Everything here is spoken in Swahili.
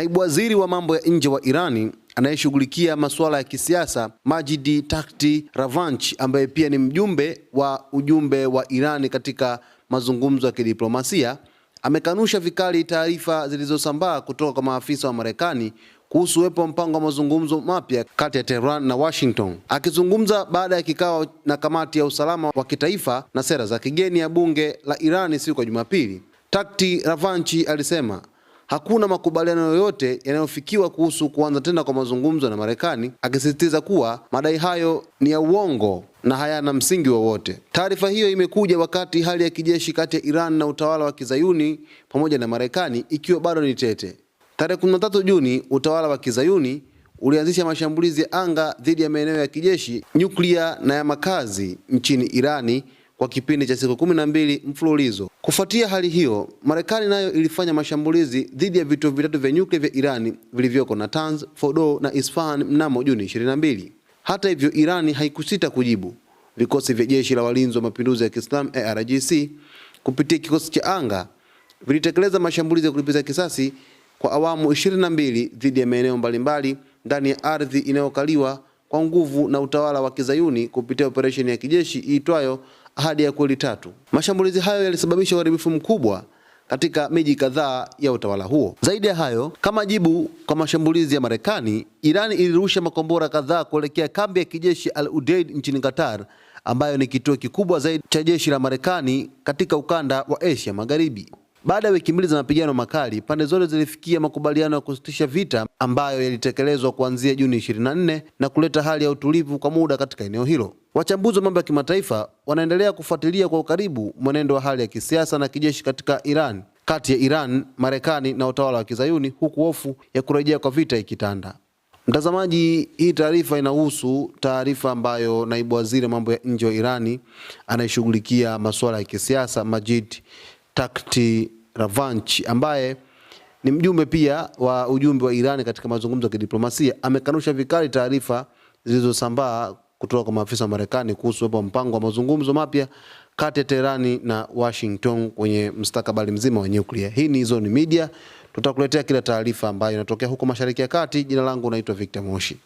Naibu waziri wa mambo ya nje wa Irani anayeshughulikia masuala ya kisiasa Majidi Takht Ravanchi, ambaye pia ni mjumbe wa ujumbe wa Irani katika mazungumzo ya kidiplomasia, amekanusha vikali taarifa zilizosambaa kutoka kwa maafisa wa Marekani kuhusu uwepo wa mpango wa mazungumzo mapya kati ya Tehran na Washington. Akizungumza baada ya kikao na kamati ya usalama wa kitaifa na sera za kigeni ya bunge la Irani siku ya Jumapili, Takht Ravanchi alisema hakuna makubaliano yoyote yanayofikiwa kuhusu kuanza tena kwa mazungumzo na Marekani, akisisitiza kuwa madai hayo ni ya uongo na hayana msingi wowote. Taarifa hiyo imekuja wakati hali ya kijeshi kati ya Iran na utawala wa Kizayuni pamoja na Marekani ikiwa bado ni tete. Tarehe 13 Juni, utawala wa Kizayuni ulianzisha mashambulizi ya anga dhidi ya maeneo ya kijeshi, nyuklia na ya makazi nchini Irani kwa kipindi cha siku kumi na mbili mfululizo. Kufuatia hali hiyo, Marekani nayo ilifanya mashambulizi dhidi ya vituo vitatu vya nyuklia vya Irani vilivyoko Natanz, Fordo na Isfahan mnamo Juni 22. Hata hivyo, Irani haikusita kujibu. Vikosi vya jeshi la walinzi wa mapinduzi ya Kiislamu IRGC kupitia kikosi cha anga vilitekeleza mashambulizi ya kulipiza kisasi kwa awamu 22 dhidi ya maeneo mbalimbali ndani ya ardhi inayokaliwa kwa nguvu na utawala wa Kizayuni kupitia operesheni ya kijeshi iitwayo hadi ya kweli tatu. Mashambulizi hayo yalisababisha uharibifu mkubwa katika miji kadhaa ya utawala huo. Zaidi ya hayo, kama jibu kwa mashambulizi ya Marekani, Irani ilirusha makombora kadhaa kuelekea kambi ya kijeshi Al Udeid nchini Qatar, ambayo ni kituo kikubwa zaidi cha jeshi la Marekani katika ukanda wa Asia Magharibi. Baada ya wiki mbili za mapigano makali, pande zote zilifikia makubaliano ya kusitisha vita ambayo yalitekelezwa kuanzia Juni 24 na kuleta hali ya utulivu kwa muda katika eneo hilo. Wachambuzi wa mambo ya kimataifa wanaendelea kufuatilia kwa ukaribu mwenendo wa hali ya kisiasa na kijeshi katika Iran kati ya Iran, Marekani na utawala wa Kizayuni, huku hofu ya kurejea kwa vita ikitanda. Mtazamaji, hii taarifa inahusu taarifa ambayo naibu waziri wa mambo ya nje wa Irani anayeshughulikia masuala ya kisiasa Majid takti Ravanchi ambaye ni mjumbe pia wa ujumbe wa Iran katika mazungumzo ya kidiplomasia amekanusha vikali taarifa zilizosambaa kutoka kwa maafisa wa Marekani kuhusu uwepo wa mpango wa mazungumzo mapya kati ya Teherani na Washington kwenye mstakabali mzima wa nyuklia. Hii ni Zone Media, tutakuletea kila taarifa ambayo inatokea huko Mashariki ya Kati. Jina langu naitwa Victor Moshi.